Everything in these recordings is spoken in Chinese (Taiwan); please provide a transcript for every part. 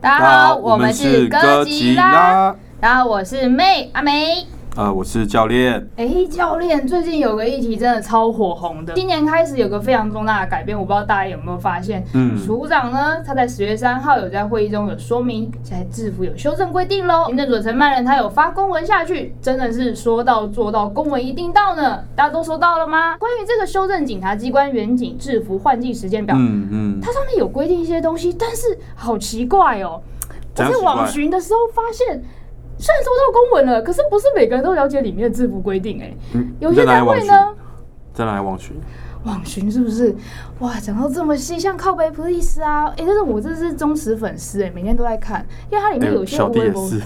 大家好，我們是哥吉拉。然後我是妹阿梅。呃，我是教練。哎、欸，教練，最近有個議題真的超火紅的。今年開始有個非常重大的改變，我不知道大家有沒有發現？嗯，署長呢，他在十月三號有在會議中有說明，現在制服有修正規定嘍。行政組的承辦人他有發公文下去，真的是說到做到，公文一定到呢。大家都收到了嗎？關於這個修正警察機關員警制服換季時間表，嗯嗯，它、嗯、上面有規定一些東西，但是好奇怪哦。怪我在網尋的時候發現。雖然收到公文了，可是不是每個人都了解裡面的制服規定哎、欸。嗯、你在有些單位呢。在哪裡網巡網巡是不是？哇，講到這麼細，像靠背不是意思啊！哎、欸，但是我這是忠實粉絲哎、欸，每天都在看，因為它裡面有些微博。哈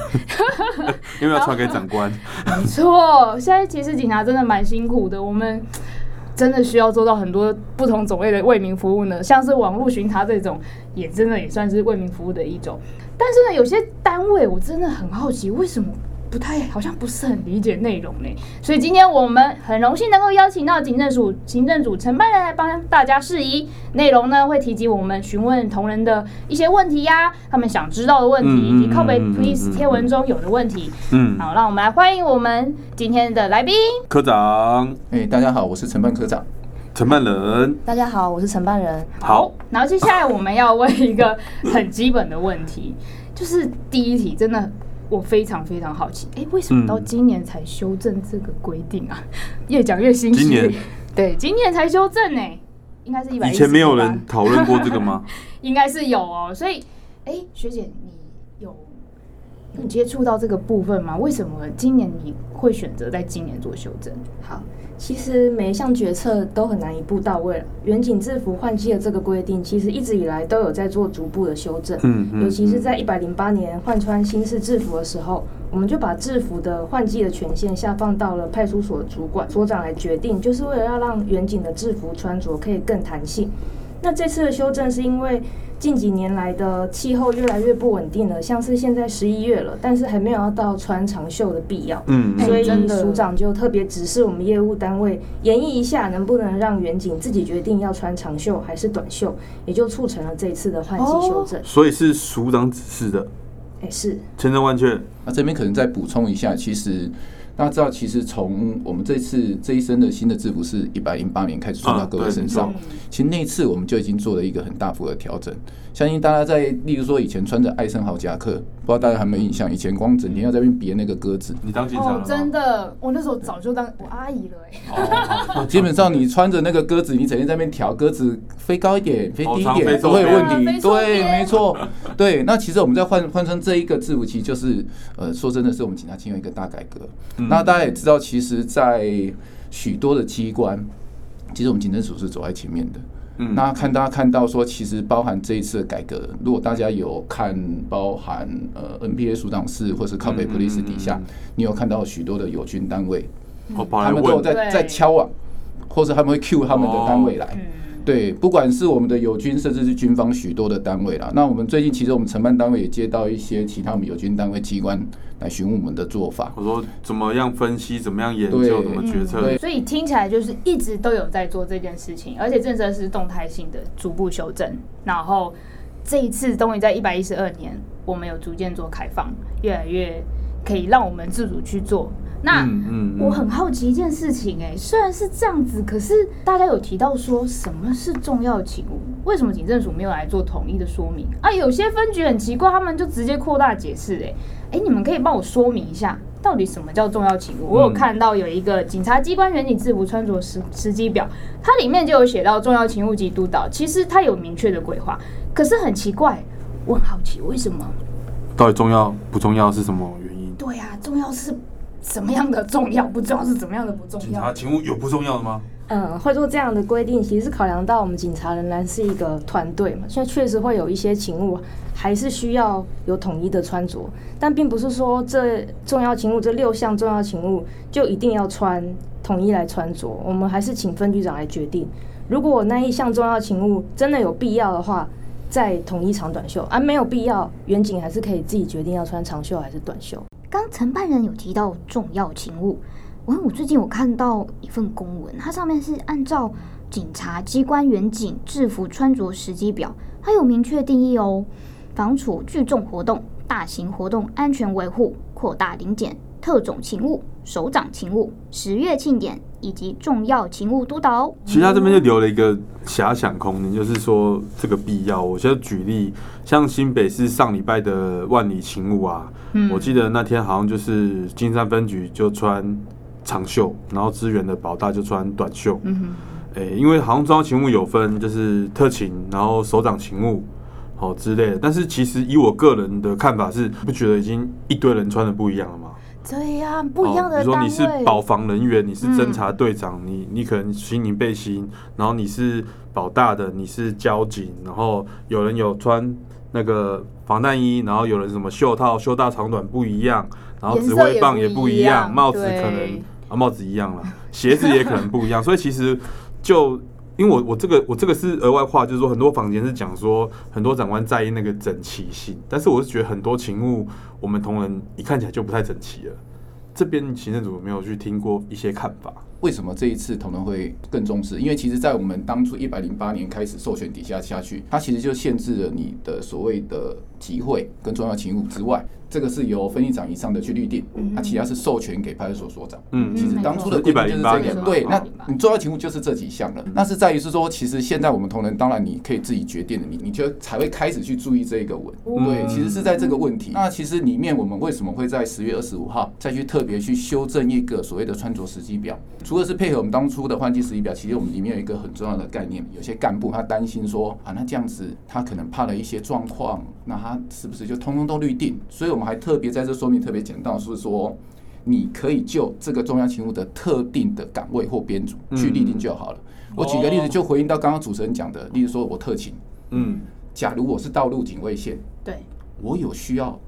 哈、欸、 因為要傳給長官。好 沒錯，現在其實警察真的蠻辛苦的，我們真的需要做到很多不同種類的為民服務呢，像是網絡巡查這種，也真的也算是為民服務的一種。但是呢，有些單位我真的很好奇，為什麼不太好像不是很理解內容呢、欸？所以今天我們很榮幸能夠邀請到警政署行政組承辦人來幫大家釋疑。內容呢會提及我們詢問同仁的一些問題呀、啊，他們想知道的問題以及靠北 police 貼文中有的問題。嗯，嗯嗯嗯嗯嗯，好，讓我們來歡迎我們今天的來賓科長、欸。大家好，我是承辦科長。承辦人，大家好，我是承辦人。好，然後接下來我們要問一個很基本的問題，就是第一題，真的我非常非常好奇，誒，為什麼到今年才修正這個規定啊？越講越新鮮。今年，對，今年才修正呢、欸，應該是一百以前沒有人討論過這個嗎？應該是有哦，所以，哎，學姐你。你接觸到這個部分嗎？為什麼今年你會選擇在今年做修正？好，其實每一項決策都很難一步到位了。員警制服換季的這個規定，其實一直以來都有在做逐步的修正。嗯，嗯嗯。尤其是在一百零八年換穿新式制服的時候，我們就把制服的換季的權限下放到了派出所主管所長來決定，就是為了要讓員警的制服穿着可以更彈性。那這次的修正是因為。近幾年來的氣候越來越不穩定了，像是現在十一月了，但是還沒有要到穿長袖的必要。嗯，嗯，所以署長就特別指示我們業務單位研議一下，能不能讓員警自己決定要穿長袖還是短袖，也就促成了這次的換季修正。哦、所以是署長指示的，哎，是千真萬確。那這邊可能再補充一下，其實。大家知道，其實從我們這次這一身的新的制服是一百零八年開始穿到各位身上，其實那一次我們就已經做了一個很大幅的調整。相信大家在，例如說以前穿着艾森豪夾克，不知道大家還有沒有印象？以前光整天要在那邊別那個鴿子，你當警察了，哦，真的，我那時候早就當我阿姨了哎，欸！對 基本上你穿着那個鴿子，你整天在那邊調鴿子，飛高一點，飛低一點都會有問題。對，沒錯，對。那其實我們在換換成這一個制服，其實就是呃，說真的是我們警察進入一個大改革。嗯，那大家也知道，其實，在許多的機關，其實我們警政署是走在前面的。那看大家看到說，其實包含這一次的改革，如果大家有看，包含呃 NPA 署長室，或是靠北 Police 底下，你有看到許多的友軍單位，他們都有在在敲啊，或者他們會 Q 他們的單位來。對，不管是我們的友軍，甚至是軍方許多的單位啦。那我們最近其實我們承辦單位也接到一些其他我們友軍單位機關來詢問我們的做法。我說怎麼樣分析，怎麼樣研究，對怎麼決策。嗯、所以聽起來就是一直都有在做這件事情，而且政策是動態性的，逐步修正。然後這一次終於在一百一十二年，我們有逐漸做開放，越來越可以讓我們自主去做。那、嗯嗯、我很好奇一件事情，欸，哎，雖然是這樣子，可是大家有提到說什麼是重要勤務？為什麼警政署沒有來做統一的說明啊？有些分局很奇怪，他們就直接擴大解釋，欸，哎，哎，你們可以幫我說明一下，到底什麼叫重要勤務？嗯、我有看到有一個警察機關員警制服穿着時時機表，它裡面就有寫到重要勤務及督導，其實它有明確的規劃，可是很奇怪，我很好奇為什麼？到底重要不重要是什麼原因？對啊，重要是。什麼樣的重要不重要是怎樣的不重要？警察勤務有不重要的嗎？嗯，會做這樣的規定，其實是考量到我們警察仍然是一個團隊嘛。現在確實會有一些勤務還是需要有統一的穿着，但並不是說這重要勤務、這六項重要勤務就一定要穿統一來穿着。我們還是請分局長來決定。如果那一項重要勤務真的有必要的話，再統一長短袖而、啊、沒有必要，員警還是可以自己決定要穿長袖還是短袖。剛承辦人有提到重要勤務，我，我最近有看到一份公文，它上面是按照警察機關員警制服穿着時機表，它有明確定義哦，防處聚眾活動、大型活動安全維護、擴大臨檢、特種勤務、首長勤務、十月慶典以及重要勤務督導、哦，嗯、其實他這邊就留了一個遐想空間，就是說這個必要。我先舉例，像新北市上禮拜的萬里勤務啊，嗯、我記得那天好像就是金山分局就穿長袖，然後支援的保大就穿短袖。嗯哼，欸、因為好像重要勤務有分，就是特勤，然後首長勤務，好、哦、之類的。但是其實以我個人的看法是，不覺得已經一堆人穿的不一樣了嗎？對呀，不一樣的、哦。比如說你是保防人員，嗯、你是偵查隊長，你你可能刑警背心，然後你是保大的，你是交警，然後有人有穿那個防彈衣，然後有人什麼袖套袖大長短不一樣，然後指揮棒也不一樣，顏色也不一樣，帽子可能對、啊、帽子一樣了，鞋子也可能不一樣， 所以其實就。因為我我這個我這個是額外話，就是說很多房間是講說很多長官在意那個整齊性，但是我是覺得很多勤務我們同仁一看起來就不太整齊了。這邊行政組沒有去聽過一些看法。為什麼這一次同仁會更重視？因為其實，在我們當初一百零八年開始授權底下下去，它其實就限制了你的所謂的集會跟重要勤務之外，這個是由分局長以上的去律定，它其他是授權給派出所所長。嗯，其實當初的一百零八年，對，那你重要勤務就是這幾項了。嗯、那是在於是說，其實現在我們同仁，當然你可以自己決定的，你你就才會開始去注意這一個問題。嗯、對，其實是在這個問題。嗯、那其實裡面我們為什麼會在十月二十五號再去特別去修正一個所謂的穿着時機表？除了是配合我們當初的換季時間表，其實我們裡面有一個很重要的概念，有些幹部他擔心說啊，那這樣子他可能怕了一些狀況，那他是不是就通通都律定？所以我們還特別在這說明，特別講到是說，你可以就這個重要勤務的特定的崗位或編組去律定就好了。嗯、我舉個例子，就回應到剛剛主持人講的，例如說我特勤，嗯，假如我是道路警衛線，對，我有需要。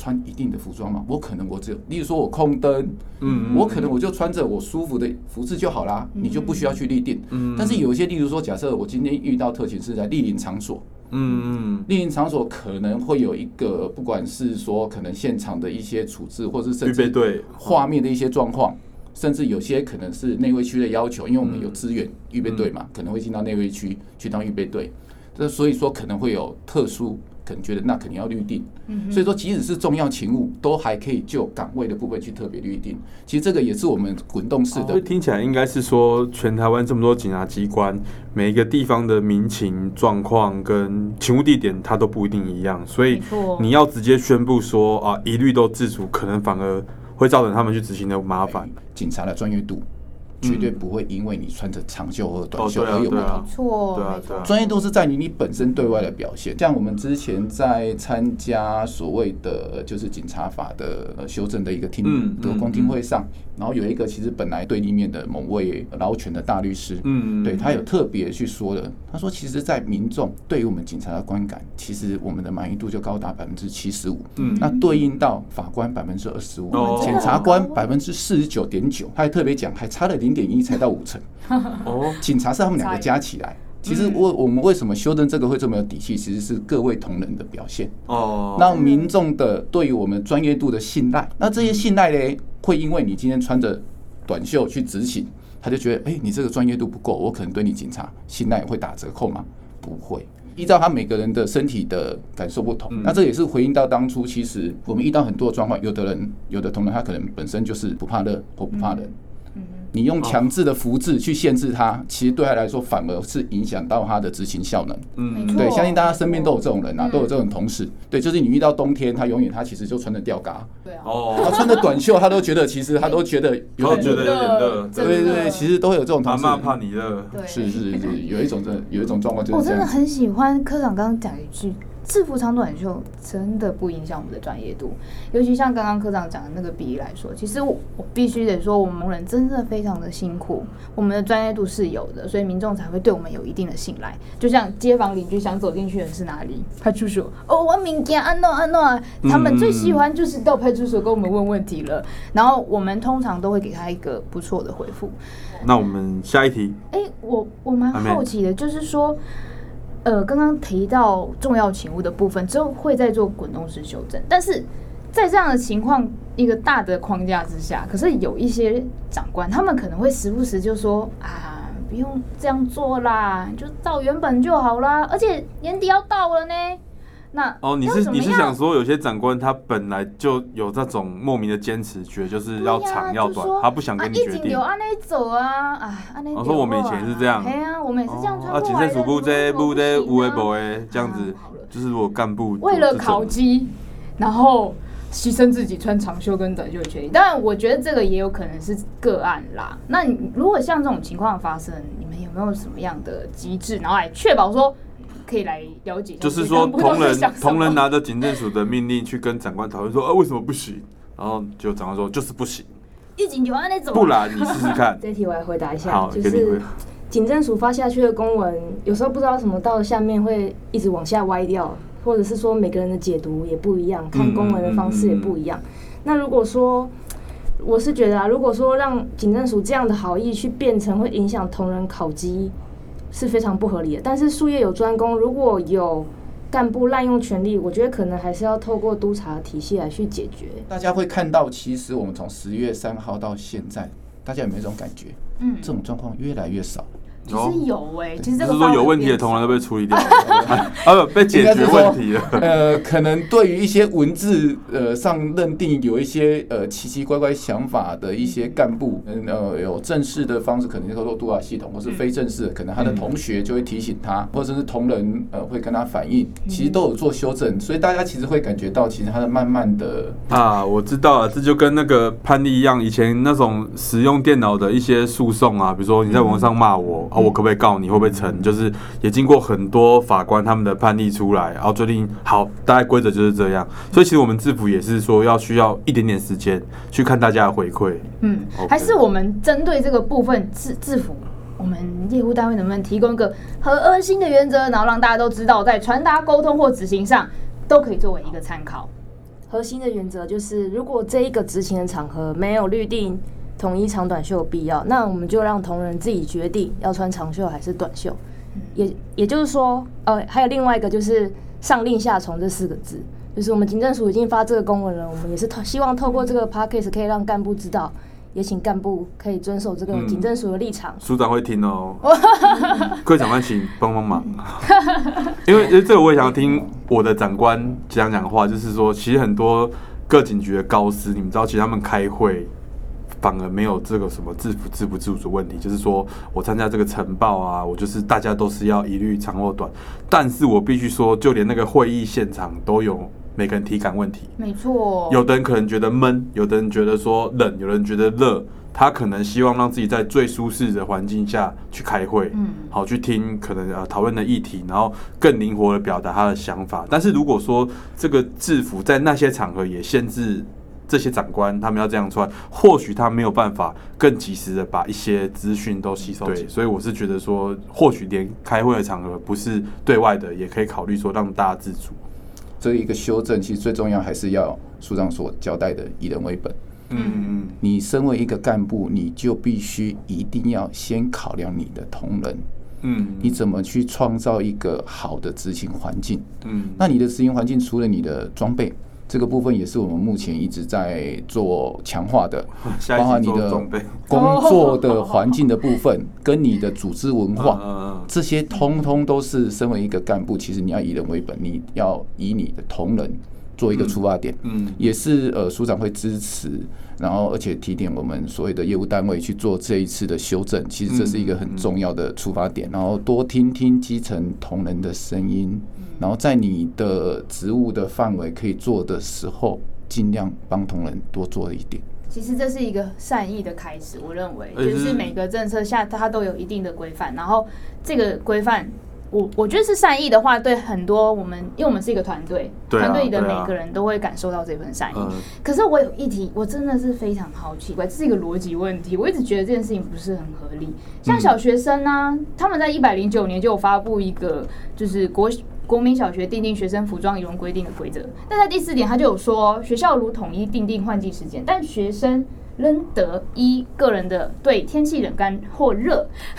穿一定的服裝嘛，我可能我只有，例如說我空燈，嗯，嗯，嗯、我可能我就穿着我舒服的服飾就好啦，嗯嗯嗯、你就不需要去立定，嗯，嗯。嗯、但是有些，例如說，假設我今天遇到特勤是在立林場所，嗯立、嗯、林、嗯嗯、場所可能會有一個，不管是說可能現場的一些處置，或者是預備隊畫面的一些狀況，甚至有些可能是內衛區的要求，因為我們有支援預備隊嘛，可能會進到內衛區去當預備隊，這所以說可能會有特殊。覺得那肯定要律定，所以說即使是重要勤務，都還可以就崗位的部分去特別律定。其實這個也是我們滾動式的、哦。聽起來應該是說，全台灣這麼多警察機關，每一個地方的民情狀況跟勤務地點，它都不一定一樣，所以你要直接宣布說啊，一律都自主，可能反而會造成他們去執行的麻煩。警察的專業度。絕對不會因為你穿着長袖或短袖而有不同。錯，對啊，對啊。專、啊啊啊啊啊啊、業度是在於你本身對外的表現。像我們之前在參加所謂的就是《警察法》的修正的一個聽、的、嗯、公聽會上，嗯嗯、然後有一個其實本來對立面的某位勞權的大律師，嗯，嗯對他有特別去說的，他說其實在民眾對於我們警察的觀感，其實我們的滿意度就高達百分之七十五。嗯，那對應到法官百分之二十五，檢、哦、察官百分之四十九點九，他還特別講還差了點。零點一才到五成哦，警察是他們兩個加起來。其實我我們為什麼修正這個會這麼有底氣？其實是各位同仁的表現哦。那民眾的對於我們專業度的信賴，那這些信賴呢，會因為你今天穿着短袖去執行，他就覺得誒、欸，你這個專業度不夠，我可能對你警察信賴會打折扣嗎？不會，依照他每個人的身體的感受不同，那這也是回應到當初，其實我們遇到很多狀況，有的人有的同仁他可能本身就是不怕熱或不怕冷。你用強制的服制去限制他，哦、其實對他來說反而是影響到他的執行效能。嗯，對，相信大家身邊都有這種人啊，嗯、都有這種同事。對，就是你遇到冬天，他永遠他其實就穿的吊嘎。對啊。哦。他穿的短袖，他都覺得其實他都覺得有點熱。 對，對對，其實都會有這種同事。怕怕你熱。對。是是是，有一種的，有一種狀況就是這樣。我、哦、真的很喜歡科長剛剛講一句。制服長短袖真的不影響我們的專業度，尤其像剛剛科長講的那個比喻來說，其實我，我必須得說，我們人真的非常的辛苦，我們的專業度是有的，所以民眾才會對我們有一定的信賴。就像街坊鄰居想走進去的是哪裡派出所哦，我明天安諾安諾，他們最喜歡就是到派出所跟我們問問題了，然後我們通常都會給他一個不錯的回復。那我們下一題，欸、我我蠻好奇的，I mean. 就是說。呃，剛剛提到重要勤務的部分之後，會再做滾動式修正。但是在這樣的情況，一個大的框架之下，可是有一些長官，他們可能會時不時就說啊，不用這樣做啦，就到原本就好啦。」而且年底要到了呢。那哦，你是你是想說有些長官他本來就有這種莫名的堅持，覺得就是要長要短，啊啊、他不想跟你決定。安那走啊，啊，我說我們以前是這樣，啊，我們也是這樣穿。哦、啊，警車主部這部這烏維不誒、啊，這樣子就是如果幹部、啊、了了為了考績，然後犧牲自己穿長袖跟短袖的權利。當然，我覺得這個也有可能是個案啦。那如果像這種情況發生，你們有沒有什麼樣的機制，然後來確保說？可以來了解一下，就是說同仁同仁拿着警政署的命令去跟長官討論說 啊為什麼不行，然後就長官說就是不行，不試試一警就完，那不然你試試看。這題我來回答一下，好就是警政署發下去的公文，有時候不知道什麼到下面會一直往下歪掉，或者是說每個人的解讀也不一樣，看公文的方式也不一樣。嗯、那如果說我是覺得啊，如果說讓警政署這樣的好意去變成會影響同仁考績，是非常不合理的。但是術業有專攻，如果有幹部濫用權力，我覺得可能還是要透過督察體系來去解決。大家會看到，其實我們從十月三號到現在，大家有沒有這種感覺？嗯，這種狀況越來越少。其實有哎，就是說有問題的同仁都被處理掉了 啊，啊不被解決問題了。呃，可能對於一些文字呃上認定有一些呃奇奇怪怪想法的一些幹部，呃有正式的方式，可能透過督察系統，或是非正式的，可能他的同學就會提醒他，嗯、或者是同仁呃會跟他反映，其實都有做修正，所以大家其實會感覺到，其實他在慢慢的啊，我知道了，這就跟那個潘麗一樣，以前那種使用電腦的一些訴訟啊，比如說你在網上罵我。嗯哦，我可不可以告你？會不會成？就是也經過很多法官他們的判例出來，然後決定好，大概規則就是這樣。所以其實我們制服也是說要需要一點點時間去看大家的回饋。嗯，Okay 還是我們針對這個部分制制服，我們業務單位能不能提供一個核心的原則，然後讓大家都知道，在傳達、溝通或執行上都可以作為一個參考。核心的原則就是，如果這一個執行的場合沒有律定。統一長短袖必要，那我們就讓同仁自己決定要穿長袖還是短袖，也也就是說，呃，還有另外一個就是“上令下從”這四個字，就是我們警政署已經發這個公文了，我們也是透希望透過這個 podcast 可以讓幹部知道，也請幹部可以遵守這個警政署的立場。嗯，署長會聽哦、 嗯，各位長官請幫幫忙， 因為這個我也想要聽我的長官講講話，就是說，其實很多各警局的高師，你們知道，其實他們開會。反而沒有這個什麼制服、制服、制服的問題，就是說我參加這個晨報啊，我就是大家都是要一律長或短，但是我必須說，就連那個會議現場都有每個人體感問題。沒錯，有的人可能覺得悶，有的人覺得說冷，有的人覺得熱，他可能希望讓自己在最舒適的環境下去開會，嗯，好去聽可能呃討論的議題，然後更靈活地表達他的想法。但是如果說這個制服在那些場合也限制。這些長官他們要這樣穿，或許他沒有辦法更及時的把一些資訊都吸收起來，所以我是覺得說，或許連開會的場合不是對外的，也可以考慮說讓大家自主。這一個修正，其實最重要還是要署長所交代的以人為本。嗯嗯，你身為一個幹部，你就必須一定要先考量你的同仁。嗯，你怎麼去創造一個好的執行環境？嗯，那你的執行環境除了你的裝備？這個部分也是我們目前一直在做強化的，包含你的工作的環境的部分，跟你的組織文化，這些通通都是身為一個幹部，其實你要以人為本，你要以你的同仁做一個出發點。嗯，也是呃，署長會支持，然後而且提點我們所有的業務單位去做這一次的修正，其實這是一個很重要的出發點，然後多聽聽基層同仁的聲音。然後在你的職務的範圍可以做的時候，盡量幫同仁多做一點。其實這是一個善意的開始，我認為，就是每個政策下它都有一定的規範，然後這個規範。我我覺得是善意的話，對很多我們，因為我們是一個團隊，團隊裡的每個人都會感受到這份善意。可是我有一題，我真的是非常好奇怪，這是一個邏輯問題。我一直覺得這件事情不是很合理。像小學生呢、啊，他們在一百零九年就有發布一個，就是國國民小學訂定學生服裝儀容規定的規則。那在第四點，他就有說，學校如統一訂定換季時間，但學生。仍得依個人的對天氣冷乾或熱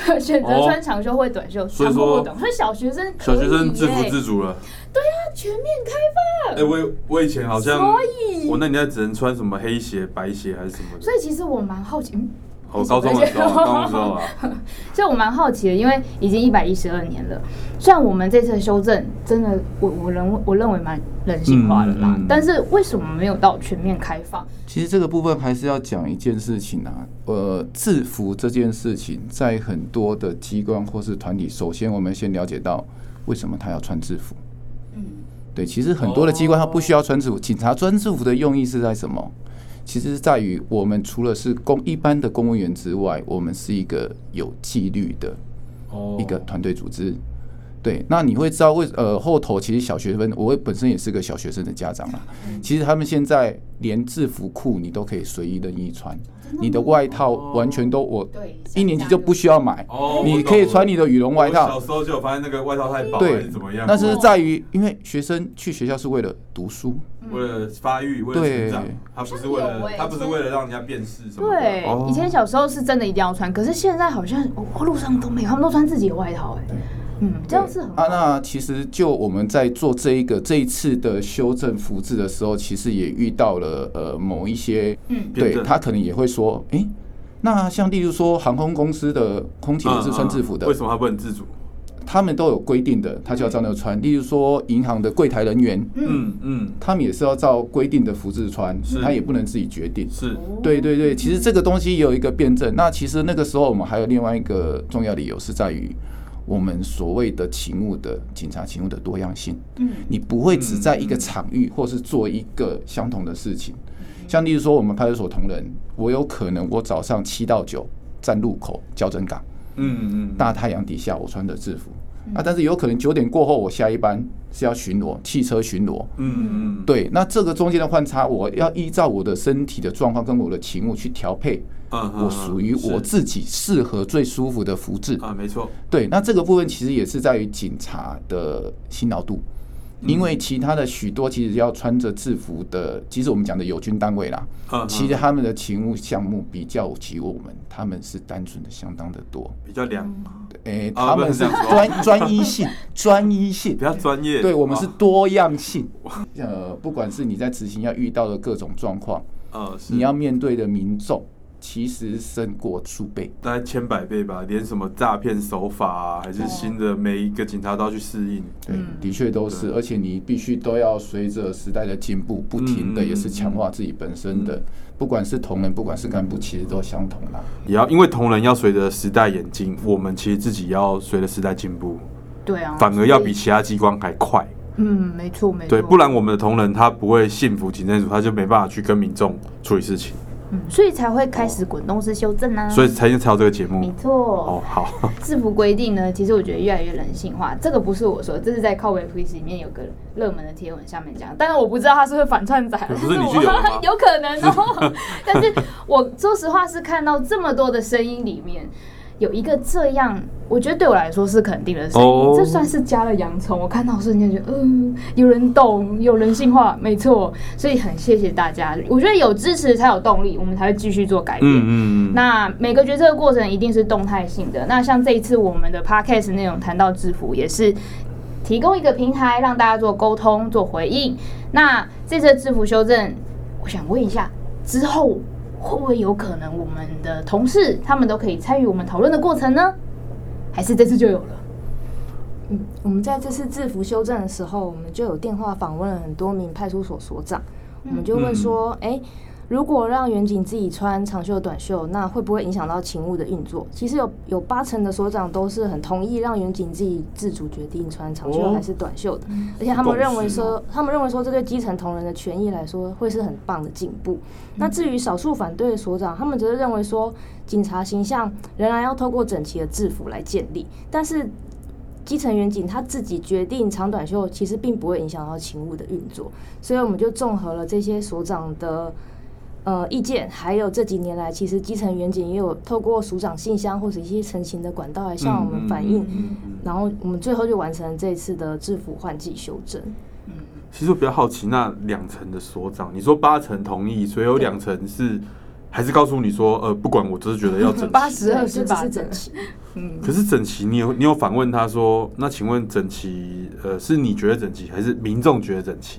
，oh, 選擇穿長袖或短袖，長或短。所以小學生可以，欸、小學生自富自主了。對啊，全面開放。哎，欸，我我以前好像，所以我那年代只能穿什麼黑鞋、白鞋還是什麼所。所以其實我蠻好奇。嗯好，oh, 高中了， 高中了。所以，我蠻好奇的，因為已經一百一十二年了。雖然我們這次的修正，真的我，我我認我認為蠻人性化的吧。嗯嗯、但是，為什麼沒有到全面開放？其實這個部分還是要講一件事情啊。呃，制服這件事情，在很多的機關或是團體，首先我們先了解到為什麼他要穿制服。嗯，對，其實很多的機關他不需要穿制服。哦、警察穿制服的用意是在什麼？其實是在於，我們除了是公一般的公務員之外，我們是一個有紀律的，一個團隊組織。Oh. 對，那你會知道為呃後頭其實小學生，我本身也是個小學生的家長啦，其實他們現在連制服褲你都可以隨意任意穿，你的外套完全都我一年級就不需要買，哦、你可以穿你的羽絨外套。哦、小時候就有發現那個外套太薄，對，怎麼樣？對那是在於，因為學生去學校是為了讀書，嗯、為了發育，為了成長，對他不是為了他，為他不是為了讓人家辨識什麼。對，以前小時候是真的一定要穿，可是現在好像、哦、路上都沒有，他們都穿自己的外套哎。嗯，這樣是很好啊，那其實就我們在做這一個這一次的修正服制的時候，其實也遇到了呃某一些對，他可能也會說，哎，那像例如說航空公司的空姐也是穿制服的，為什麼還不能自主？他們都有規定的，他就要照那穿。例如說銀行的櫃檯人員，嗯嗯，他們也是要照規定的服制穿，他也不能自己決定。是，對對對，其實這個東西也有一個辯證。那其實那個時候我們還有另外一個重要理由是在於。我們所謂的勤務的警察勤務的多樣性，嗯，你不會只在一個場域或是做一個相同的事情，像例如說我們派出所同仁，我有可能我早上七到九站路口交整崗，嗯嗯嗯，大太陽底下我穿着制服。啊，但是有可能九點過後我下一班是要巡邏，汽車巡邏。嗯嗯嗯，對，那這個中間的換差，我要依照我的身體的狀況跟我的勤務去調配。嗯，我屬於我自己適合最舒服的服制。啊，沒錯。對，那這個部分其實也是在於警察的辛勞度。因為其他的許多其實要穿着制服的，其實我們講的友軍單位啦，其實他們的勤務項目比較起我們，他們是單純的相當的多。比較兩對，他們是專專一性，專一性比較專業。對我們是多樣性，呃，不管是你在執行要遇到的各種狀況，你要面對的民眾。其實勝過數倍，大概千百倍吧。連什麼詐騙手法、啊，還是新的，每一個警察都要去適應。對，的確都是。嗯、而且你必須都要隨着時代的進步，不停的也是強化自己本身的。嗯、不管是同仁，不管是幹部，其實都相同啦。也要因為同仁要隨着時代演進，我們其實自己要隨着時代進步。對啊，反而要比其他機關還快。嗯，沒錯，沒錯。對，不然我們的同仁他不會信服警政署，他就沒辦法去跟民眾處理事情。嗯、所以才會開始滾動式修正呢、啊哦，所以才要插到這個節目。沒錯錯，哦，好。制服規定呢，其實我覺得越來越人性化。這個不是我說的，這是在靠北 Police 裡面有個熱門的貼文下面講，但是我不知道他是不是反串仔，不是你講的。 有可能哦、喔。 但是我 說實話，是看到這麼多的聲音裡面有一個這樣，我覺得對我來說是肯定的聲音。Oh. 這算是加了洋蔥，我看到我瞬間覺得，嗯，有人懂，有人性化， 沒錯。所以很謝謝大家，我覺得有支持才有動力，我們才會繼續做改變。嗯，嗯，嗯，那每個決策的過程一定是動態性的。那像這一次我們的 podcast 內容談到制服，也是提供一個平台讓大家做溝通、做回應。那這次制服修正，我想問一下之後。會不會有可能我們的同事他們都可以參與我們討論的過程呢？還是這次就有了？嗯，我們在這次制服修正的時候，我們就有電話訪問了很多名派出所所長，我們就問說，哎、嗯。欸如果讓員警自己穿長袖短袖，那會不會影響到勤務的運作？其實有有八成的所長都是很同意讓員警自己自主決定穿長袖還是短袖的，哦、而且他們認為說，嗯、他們認為說這對基層同仁的權益來說會是很棒的進步。嗯、那至於少數反對的所長，他們則是認為說，警察形象仍然要透過整齊的制服來建立，但是基層員警他自己決定長短袖，其實並不會影響到勤務的運作。所以我們就綜合了這些所長的。呃，意見還有這幾年來，其實基層員警也有透過署長信箱或者一些成型的管道來向我們反映，嗯嗯嗯嗯、然後我們最後就完成了這一次的制服換季修正、嗯。其實我比較好奇，那兩層的所長，你說八成同意，所以有兩層是對還是告訴你說，呃，不管我只是覺得要整齊，八十二十八是不整齊？嗯嗯、可是整齊，你有你有反問他說，那請問整齊，呃，是你覺得整齊，還是民眾覺得整齊？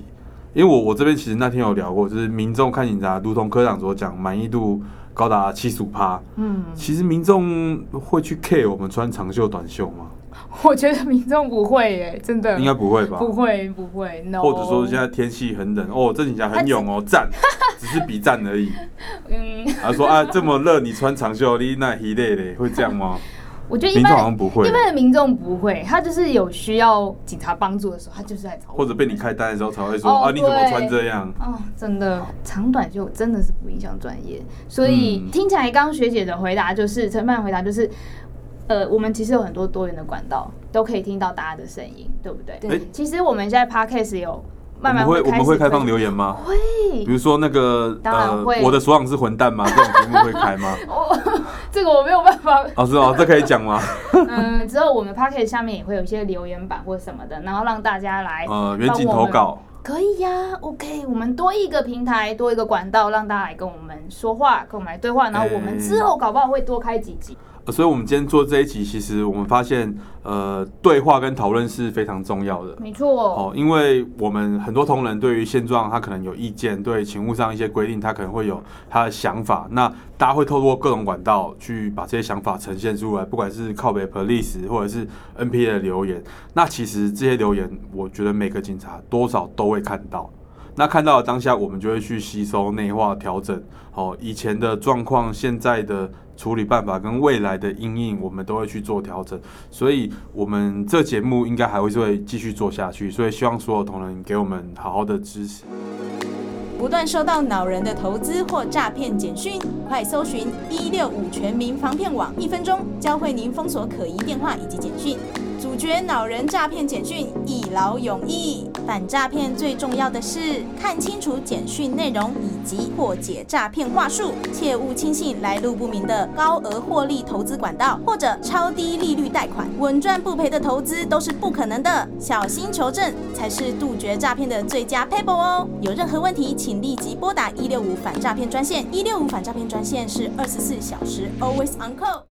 因為我我這邊其實那天有聊過，就是民眾看警察，如同科長所講，滿意度高達七十五趴。嗯，其實民眾會去 K 我們穿長袖短袖嗎？我覺得民眾不會耶、欸，真的應該不會吧？不會不會，no。或者說現在天氣很冷 No 哦，這警察很勇哦，讚只是比讚而已。 嗯、啊，他說啊，這麼熱你穿長袖，你那很累的，會這樣嗎？ 我覺得一般，一般的民眾不會，他就是有需要警察幫助的時候，他就是在。或者被你開單的時候才會說、哦、啊，你怎麼穿這樣？哦，真的，長短袖真的是不影響專業。所以、嗯、聽起來，剛學姐的回答就是陳曼回答就是，呃，我們其實有很多多元的管道都可以聽到大家的聲音，對不對？欸、其實我們現在 Podcast 有。我們會開放留言嗎？會，比如說那個當然會、呃、我的所長是混蛋嗎？ 這種節目會開嗎？ 哦，這個我沒有辦法。老、 哦、是哦，這可以講嗎？ 嗯，之後我們 Podcast 下面也會有一些留言板或者什麼的，然後讓大家來呃、嗯，原景投稿。可以呀、啊，OK，我們多一個平台，多一個管道，讓大家來跟我們說話，跟我們來對話，然後我們之後搞不好會多開幾集。嗯所以，我們今天做這一集，其實我們發現，呃，對話跟討論是非常重要的沒錯。沒錯，哦，因為我們很多同仁對於現狀，他可能有意見，對警務上一些規定，他可能會有他的想法。那大家會透過各種管道去把這些想法呈現出來，不管是靠北 police，或者是 NPA 的留言。那其實這些留言，我覺得每個警察多少都會看到。那看到當下，我們就會去吸收、內化、調整。好，以前的狀況，現在的。處理辦法跟未來的因應，我們都會去做調整，所以我們這節目應該還會會繼續做下去，所以希望所有同仁給我們好好的支持。不斷收到惱人的投資或詐騙簡訊，快搜尋一六五全民防騙網，一分鐘教會您封鎖可疑電話以及簡訊。杜絕老人詐騙簡訊，一勞永逸。反詐騙最重要的是看清楚簡訊內容以及破解詐騙話術，切勿輕信來路不明的高額獲利投資管道或者超低利率貸款，穩賺不賠的投資都是不可能的。小心求證才是杜絕詐騙的最佳配套哦。有任何問題，請立即撥打一六五反詐騙專線。一六五反詐騙專線是二十四小時 always on call。